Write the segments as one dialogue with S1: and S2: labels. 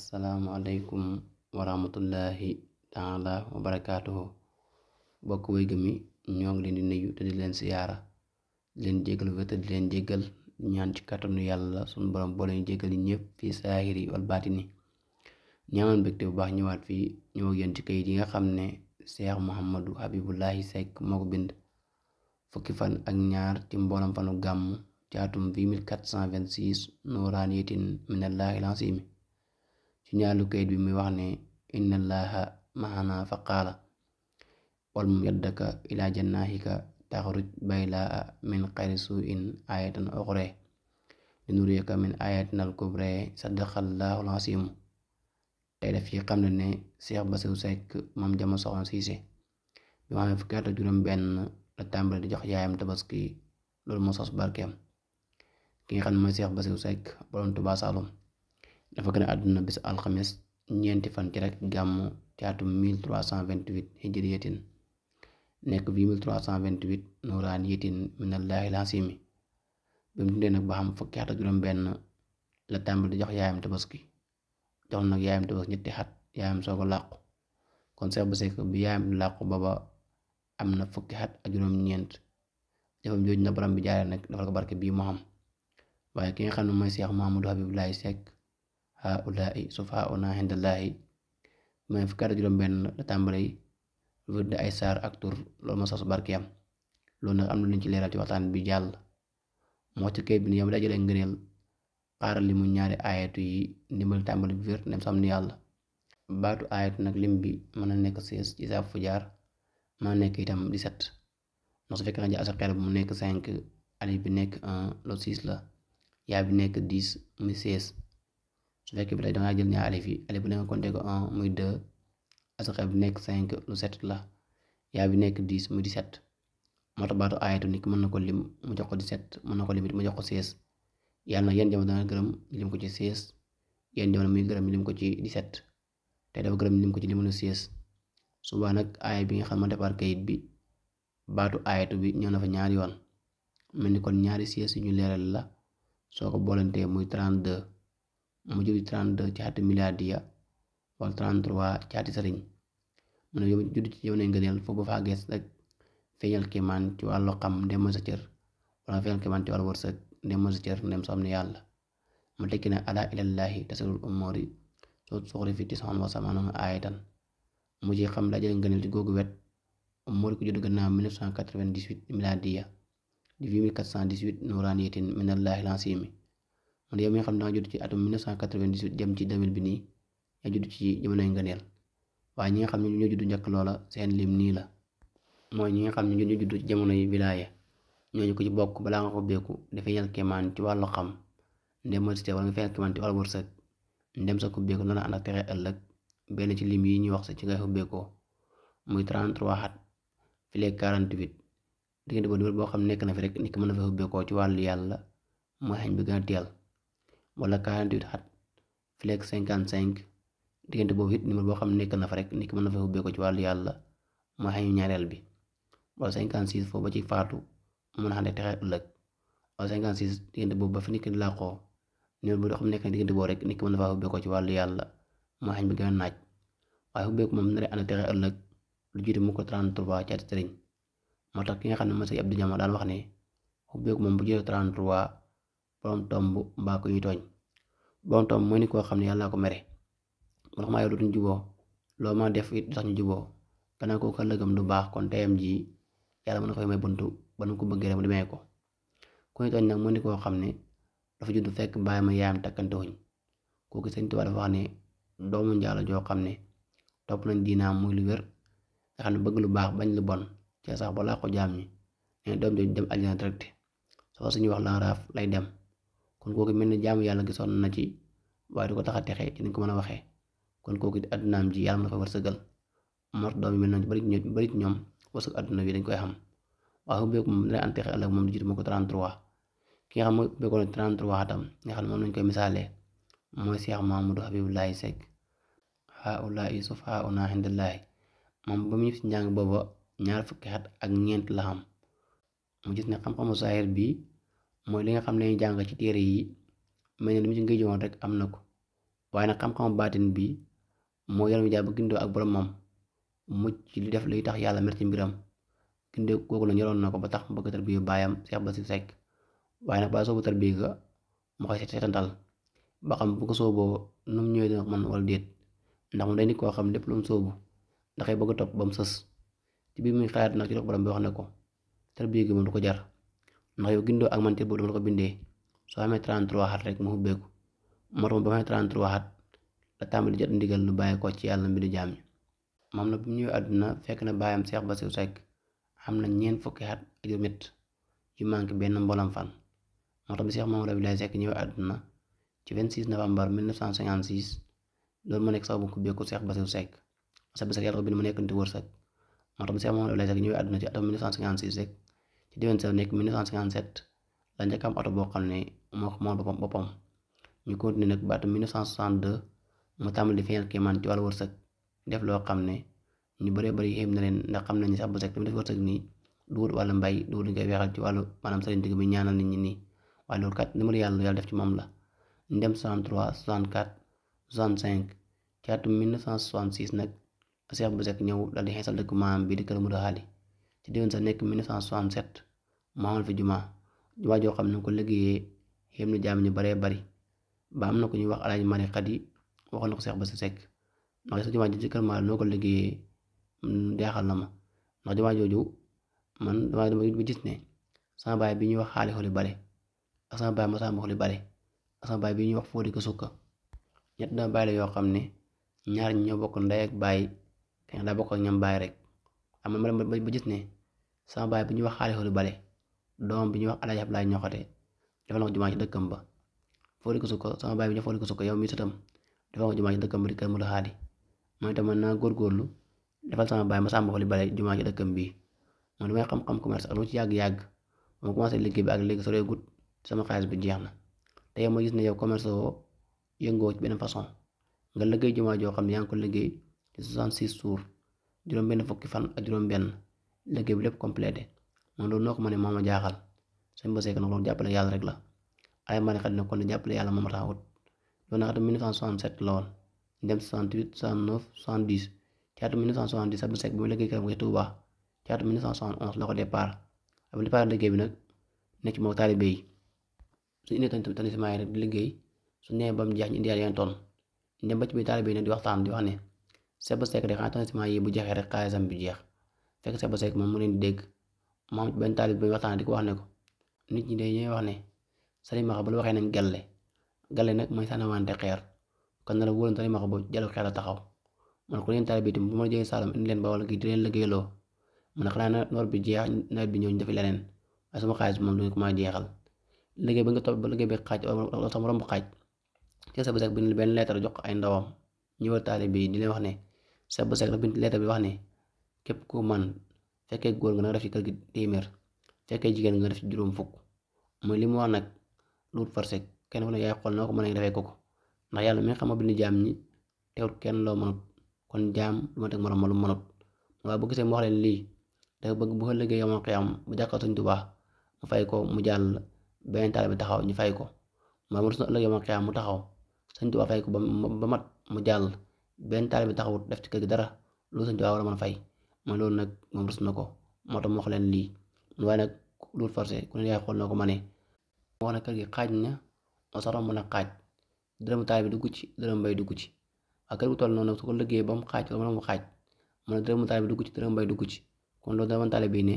S1: asalaamualeykum warahmatullahi taala wa barakaatuhu bokk way gëmi ñoo ngi leen di nuyu te di leen siyaara di leen jéggal wér te di leen jéggal ñaan ci kàttanu yàlla sunu borom boo leen jéggal yi ñëpp fii saahiri wal baatini ñaamoon mbégte bu baax ñëwaat fii ñëw ak ci kayit yi nga xam ne Cheikh Mouhamadou Habibullahi Seck moo ko bind fukki fan ak ñaar ci mboolam fanu gàmm ci atum 1426 nuuraaniyatin minallahi lansimi ci ñaalu kayit bi muy wax ne inna allaha maana fa qaala wal mum yaddaka ila jannahika taxruj baylaa min xayri suin ayatan oxre linuriyaka min ayatina kubre saddaqallahu al asimu tey daf ci xam ne ne Cheikh Bassirou Seck moom Jama Soxna Cissé bi ma amee fukki at juróom benn la tàmbali di jox yaayam tabaski loolu moo sos barkeem ki nga xam ne mooy Cheikh Bassirou Seck borom Touba Saloum dafa gën a àdduna bis alxames ñeenti fan ci rek gàmmu ci atum 1328 hijriyatin nekk bi 1328 nuraaniyatin minallahi laasimi bi mu dundee nag ba xam fukki at ak juróom-benn la tàmbali di jox yaayam tabaski jox nag yaayam tabaski ñetti xat yaayam soo ko làqu kon Seex bu Sekk bi yaayam di làqu booba am na fukki xat ak juróom-ñeent jëfam jooju na borom bi jaaree nag dafa ko barke bii moo xam waaye haula'i sufaa'una hindallahi mooy fukkaat ak juróom benn la tàmbali ya wër di ay sar ak tur loolu ma sosu barkeem loolu nag am na luñ ci leeral ci waxtaan bi jal mo ci bin yam ni yow dajale ngëneel xaaral li mu ñaari aayatu yi ndimbal tàmbali bi wér nem sam ni yàlla baatu aayatu nag lim bi mën na nekk seize ci saab fu jaar mën itam dix-sept ndax su nga jël asar xel mu nek cinq alif bi la yaa bi nek 10 muy 16 su fekkee bi tey dangaa jël ñaari alif yi alif bu nekk compté ko un muy deux asaka bi nekk cinq lu sept la yaa bi nekk dix muy dix-sept moo baatu aayatu nit mën na ko lim mu jox ko dix-sept mën na ko limit mu jox ko seize yàlla na yenn jamono dana gërëm lim ko ci seize yenn jamono muy gërëm lim ko ci dix-sept dafa gërëm lim ko ci limu seize suba nag aaya bi nga xam ma defar kayit bi baatu aayatu bi ñëw na fa ñaari yoon mel ni kon ñaari seize ñu leeral la soo ko muy trente mu jur 32 ci xati miladiya wala 33 ci xati sëriñ mu ne yow judd ci yow ne ngëneel foofu ba faa gees rek feeñal kéemaan ci wàllu xam ndem mooy sa cër wala feeñal kéemaan ci wàllu wërsëg ndem mooy sa cër ndem soo am ne yàlla mu tekki ne ala ilallahi tasirul umuri soo suxri fi tisaan wa samaanuna aayatan mu ci xam la ngëneel ci googu wet umuri ko judd gannaaw 1998 miladiya di 8418 nuraaniyatin minallahi lansimi man yow mi nga xam ne danga judd ci atum 1998 jëm ci 2000 bi nii yaa judd ci jamonoy ngëneel waaye ñi nga xam ne ñoo judd njëkk loola seen lim nii la mooy ñi nga xam ne ñoo judd ci jamonoy wilaaya ñooñu ko ci bokk balaa nga ko beeku dafay yàl kemaan ci wàllu xam ndem modicité wala nga fayal kemaan ci wàllu wërsëg ndem sa ko beeku noonu ànd ak texe ëllëg benn ci lim yi ñuy wax sa ci ngay xubbeekoo muy 33 at file 48 diggante boobu boo xam nekk na fi rek nit ki mën na fa xubbeekoo ci wàllu yàlla mooy xañ bi gën a teel wala 48 flex 55 diggante bobu hit numéro bo xam nek na fa rek nek ki mën na fa ubbeeku ci walu yalla mooy hay ñaareel bi wala 56 fo ba ci faatu mën a xam ne texe wala 56 diggante bobu ba fi nek la di numéro bo xam nek na bo rek nek ki mën na fa ubbeeku ci walu yalla mooy xañ bi gën naaj a ubbe ko mom na nare ana texe ëlëk lu jiitu mu ko 33 ci at sëriñ moo tax ki nga xam ma sey Abdou jamal daan wax ne ubbe ko mom bu jëlee 33 borom tomb mbaa ko ñuy tooñ borom tomb mooy nit koo xam ne yàlla ko mere moo xam lu loo ma def it sax ñu juboo gannaaw kooku du baax kon teyam ji yàlla mën na may buntu ba ko bëggee rek mu ko ku ñu tooñ nag koo xam ne dafa judd fekk bàyyi ma yaayam takkante wuñ kooku Sëñ Tuubaa dafa wax joo xam ne topp nañ diinaam muy lu wér nga xam ne bëgg lu baax bañ lu bon ci sax balaa ko jaam ñi ne doom jooju dem aljana direct soo suñu wax la raaf lay dem kon kooku mel ne jaamu yàlla gisoon na ci waaye di ko tax a texe ci ni ko mën a waxee kon kooku addunaam ji yàlla mën na ko wërsëgal mor doom yi mel na ci bëri ci ñoom wërsëg adduna bi dañ koy xam waaye texe ëllëg moom di jiitu moo ko 33 ki nga xam mooy beekoon 33 atam nga xam ne moom lañ koy misaalee mooy Cheikh Mamadou Habiboulaye Seck haa'ulaa'i sufhaa'unaa 'indallaahi moom ba mu ñëw si njàng booba ñaar fukki ak ñeent la mu gis ne mooy li nga xam ne jàng ci téere yi mel ne lu mu ci ngay rek am na ko waaye nag xam-xamu baatin bi moo yaram jaay ba gindoo ak boromam mu ci li def luy tax yàlla mer ci mbiram gindee kooku la ñoroon na ko ba tax mu bëgg tarbiya baayam Seex ba si Sekk waaye nag baa soobu tarbiya ga mu koy seetantal ba xam bu ko sooboo nu mu ñëwee dina man wala déet ndax mu day nit koo xam lépp lu mu soobu ndaxay bëgg topp ba mu sës ci bii muy xalaat nag ci dox borom bi wax ne ko tarbiya du ko jar ndax yow gindoo ak man te boobu dama la ko bindee soo amee 33 xat rek mu ubbeeku morom ba amee 33 xat la tàmbali jot ndigal lu bàyyi ko ci yàlla mbiru jaam ñi moom na bu ñëwee àdduna fekk na baayam Seex ba Sekk am na ñeent fukki at ak juróom-ñett yu manqué benn mbolam fan moo tax bi Seex Mamadou Abdoulaye Sekk ñëwee àdduna ci 26 novembre 1956 loolu ma nekk sax bu ko béeku Seex Basiru yàlla ko bind mu nekkante wërsëg moo tax bi Seex ci déwén sa nekk 1957 la njëkk am oto boo xam ne moo moo boppam boppam ñu continué nag ba atum 1962 mu tàmbali feeñal kéemaan ci wàllu wërsëg def loo xam ne ñu bëree bëri yéem na leen ndax xam nañu ne sax bu sekk def wërsëg nii du wut wàllu mbay du wut ngay weexal ci wàllu maanaam sëriñ digg bi ñaanal nit ñi nii waaye loolu kat numéro yàlla yàlla def ci moom la ndem 63 64 65 ci atum 1966 nag Cheikh Bou Seck ñëw daal di xeesal dëkk maam bii di Kër Modou Haly ci déwén sa nekk 1967 mu amal fi juma jumaa joo xam ne ko liggéeyee yem na jaam bari ba am na ko ñuy wax alaaji mari xat yi na ko seex ba si sekk ndax sa jumaa ji kër maa noo ko liggéeyee jaaxal na ma ndax jumaa jooju man dama dama gis ne sama baay bi ñuy wax xaali xoli bare ak sama baay masamba xoli bare ak sama baay bi ñuy wax fóodi ko sukka ñett dama baay la yoo xam ne ñaar ñi ñoo bokk ndey ak baay bokk ak ñam rek am na ma ba gis ne sama baay bu ñuy wax xaali xoolu bale doomam bi ñuy wax alaaji ablaay ñoxate dafa la ko jumaa ci dëkkam ba fori ko suko sama baay bi ñu fooli ko suko yow mi tatam dafa ko jumaa ci dëkkam ba di mu la xaali mooy itam man naa góorgóorlu defal sama baay ma sàmm xooli bale jumaa ci dëkkam bii man damay xam-xam commerce ak lu ci yag yag mo commencé liggé bi ak liggé soo dee gut sama xaliss bi jeexna na te yow ma gis ne yow commerce wo yëngoo ci benn façon nga liggéey jumaa joo xam ne yaa ngi ko liggéey ci 66 jours juróom-benn fukki fan ak juróom-benn liggéey bi lépp complété man loolu noo ko ma ne moo ma jaaxal sëñ Ba Seck nag loolu jàppale yàlla rek la ay mari xat ne kon ne jàppale yàlla moom taxawut loolu nag atum 1967 la woon dem 68 69 70 ci atum 1970 sëñ Ba Seck bi mu liggéey këram ko ca Touba ci atum 1971 la ko départ ab départ liggéey bi nag nekk moo taalibe yi su indee tamit tamit semence yi rek di liggéey su nee ba mu jeex ñu indi yeneen tonn dem ba ci biir taalibe yi nag di waxtaan di Seba Seck de xanaa tonton yi bu jeexee rek xaalisam bi jeex fekk Seba Seck moom mu leen di dégg moom benn taalib bi waxtaan di ko wax ne ko nit ñi de ñooy wax ne salimaxa bu la waxee nañ galle galle nag mooy sànnawante xeer kon na la wóoroon salimaxa boobu jëlu xeer a taxaw man ku leen bi itam bu ma jógee Saalum indi leen ba wala kii di leen liggéeyloo man xanaa na noor bi jeex nawet bi ñëw def leneen waaye sama xaalis moom du ngeen ko mën a jeexal liggéey ba nga topp ba liggéey bi xaaj wala sama romb xaaj ci Seba Seck bi benn leetar jox ay ndawam ñëwal bi di leen wax ne sa bu sek nag bind leetar bi wax ne képp ku man fekkee góor nga nga def ci kër gi téeméer fekkee jigéen nga def ci juróom fukk mooy li mu wax nag duut forcé kenn ku ne yaay xool noo ko mën a ndax yàlla mi nga bind jaam ñi teewut kenn loo mënut kon jam du ma teg morom ma lu mënut waaye bu gisee mu wax leen lii dafa bëgg bu ëllëgee yomal xiyam bu jàkkaar Sëñ Tuubaa mu fay ko mu jàll beneen taal bi taxaw ñu fay ko ma mu rus na ëllëg yomal xiyam mu taxaw Sëñ Tuubaa fay ko ba mat mu jàll benn taalibe bi taxawut def ci kër gi dara loolu sëñ Tuubaa war a mën a fay mooy loolu nag moom rus na ko moo tax mu wax leen lii waaye nag loolu forcé ku ne yaay ko ma ne wax na kër xaaj na moo sax romb na xaaj dërëmu taalibe bi dugg ci dërëm mbay dugg ci ak kër gu toll noonu su ko liggéey ba mu xaaj wala mu xaaj mu ne dërëmu taalibe bi dugg ci dërëm mbay dugg ci kon loolu dama taalibe bi ne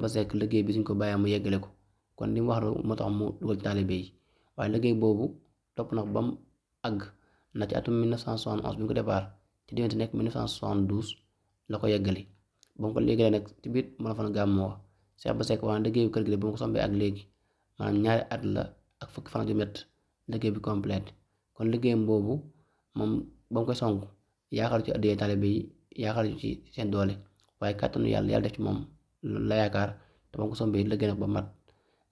S1: Ba Seck liggéey bi suñ ko bàyyee mu yeggale ko kon li mu wax moo tax mu dugal taalibe yi waaye liggéey boobu topp na ba mu àgg ndax ci atum 1971 bi mu ko départ ci diggante nekk 1972 la ko yeggali ba mu ko yeggalee nag ci biir mën a fan gàmmoo Cheikh Ba Seck la ba mu ko sombee ak léegi ñaari at la ak fukki fan ak juróom-ñett bi complète kon liggéeyam boobu moom ba mu koy song yaakaar ci addiyee taalibe yi yaakaar ci seen doole waaye kàttanu yàlla yàlla def ci moom la yaakaar te ba mu ko sombee liggéey nag ba mat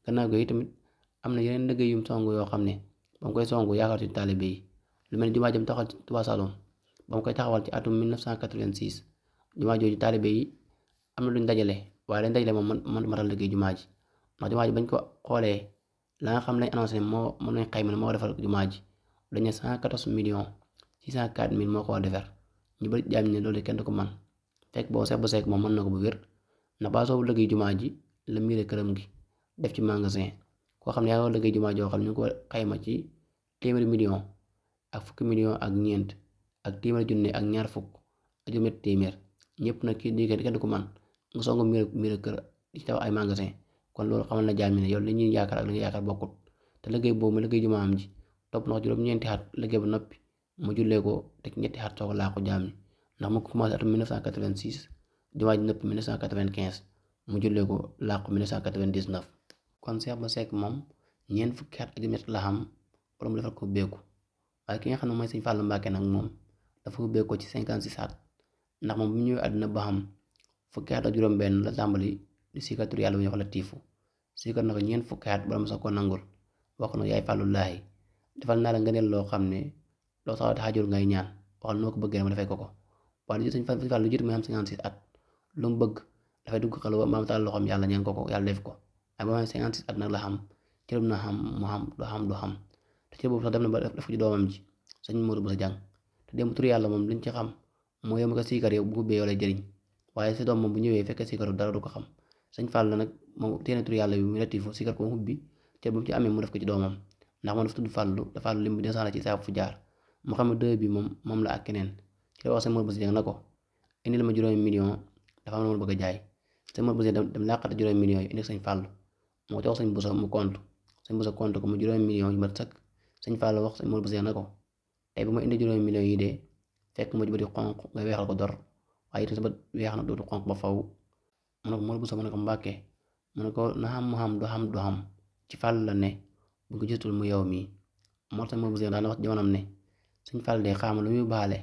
S1: gannaaw gi tamit am na yeneen liggéey yu song yoo xam ne ba mu koy song yaakaar ci taalibe lu mel ni jumaa jëm taxawal ci Touba Saloum ba mu koy taxawal ci atum 1986 jumaa jooju taalibe yi am na luñ dajale waaye lañ dajale moom man matal liggéey jumaa ji ndax jumaa ji bañ ko xoolee la nga xam lañ annoncé moo mën nañ xayma moo defal jumaa ji dañu ne 114 millions 604 mille moo ko defar ñu bëri jaam ne loolu kenn du ko man fekk boo seet ba seet moom mën na ko bu wér ndax ba soobu liggéey jumaa ji la miire këram gi def ci magasin koo xam ne yaa ngi liggéey jumaa joo xam ñu ko xayma ci téeméeri ak fukki million ak ñeent ak téeméer junne ak ñaar fukk ak juróom-ñetti téeméer ñëpp nag kii di kenn du ko man nga songo miir miir kër ci taw ay magasin kon loolu xamal na jaam ne yow li ñuy yaakaar ak li nga yaakaar bokkut te liggéey boobu mu liggéey jumaam ji topp na ko juróom-ñeenti at liggéey ba noppi mu jullee ko te ñetti at soog a laaku jaam ñi ndax mu commencé atum 1986 jumaa ji noppi 1995 mu jullee ko laaku 1999 kon Seex Ba Sekk moom ñeent fukki at ak ñett la xam borom defal waaye ki nga xam ne mooy sëñ Fallou Mbacke nag moom dafa ubbee ko ci cinquante six at ndax moom bu ñëwee àdduna xam fukki juróom-benn la tàmbali di sikkatur yàlla bu ñuy wax la tiifu sikkat na ko ñeent fukki at ba mu sax ko nangul wax na yaay Fallou Lahi defal naa la ngëneel loo xam ne loo soxla taxajul ngay ñaan waxal noo ko bëggee ma defee ko ko waaye lu sëñ Fallou lu jiitu muy am cinquante six at lu mu bëgg dafay dugg xel ba maam taal loxoom yàlla ñaan ko ko yàlla def ko ak ba mu cinquante six at nag la xam cërëm na xam mu xam du xam du xam te ci boobu sax dem na ba def ko ci doomam ji sëñ Modou Bousso Dieng te démb tur yàlla moom liñ ci xam mooy yem ko siikar yow bu ko bee lay waaye si doom moom bu ñëwee fekk siikaru dara du ko xam sëñ la nag moom teene tur yàlla te bu mu ci amee mu def ko ci doomam ndax moom dafa tudd Fallu te Fallu jaar mu xam ne deux moom la ak keneen ci la wax sëñ Modou Bousso Dieng na ko indil ma juróomi million dafa am lu ma bëgg a jaay sëñ Modou Bousso Dieng dem làqata million yi indi sëñ Fallu moo jox sëñ Bousso mu compte sëñ Bousso compte ko mu juróomi million yu mat sëkk sëñ la wax sëñ Mor Bousso na ko tey bu ma indi de fekk ma jublu di xonq nga weexal waaye itam weex na dootu xonq ba faw mu ne ko Mor Bousso mu ne ko Mbàkke mu xam mu xam du xam xam ci Fall la ne bu ko gisatul mu yow mii Mor sëñ Mor Bousso daan wax jamonoom ne sëñ Fall de xaama lu muy baale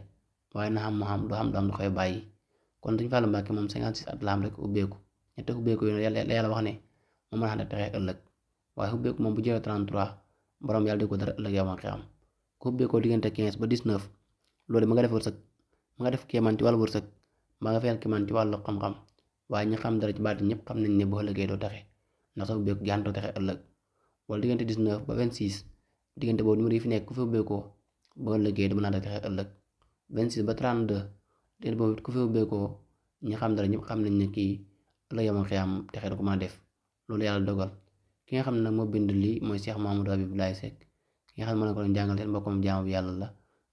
S1: waaye na xam mu xam du xam du xam du koy bàyyi kon sëñ Fall Mbàkke moom 56 at la am rek ubbeeku ñetti ubbeeku yooyu la yàlla wax ne moom mën a xam ne texe ëllëg waaye ubbeeku moom bu jëlee 33. borom yàlla di ko dara ëllëg yawmal qiyaam ku ubbeekoo diggante 15 ba 19 loolu ma nga def wërsëg ma nga def kéemaan ci wàllu wërsëg ma nga fayal kéemaan ci wàllu xam-xam waaye ñi xam dara ci baati ñëpp xam nañ ne boo ëllëgee doo taxe ndax sa ubbeeku gi àndoo taxe ëllëg wala diggante 19 ba 26 diggante boobu numéro yi nekk ku fi ubbeekoo boo ëllëgee dama naa taxe ëllëg 26 ba 32 diggante boobu it ku fi ubbeekoo ñi xam dara ñëpp xam nañ ne kii ëllëg yawmal qiyaam taxe du ko mën def loolu yàlla dogal ki nga xamne ne nag bind li moy Cheikh Mamadou Abibulaye sek ki nga xamne ne ko jangal jàngal bokkom jamm jaamu yàlla la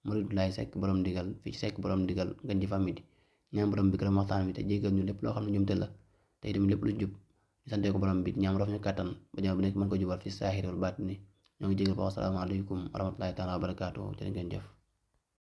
S1: Muridulaye sek borom digal fi ci sek borom digal gën ci di ñam borom bi gërëm waxtaan wi te jéggal ñu lepp lo xamne ñum teul la tay dem lepp lu jub ñu sante ko borom bi ñam rof ñu katan ba ñam bi nek man ko jubal fi sahirul batni ñu ni ñoo ngi jégal ba wasalaamaaleykum wa rahmatullahi taala wa barakatuh ci ngeen jëf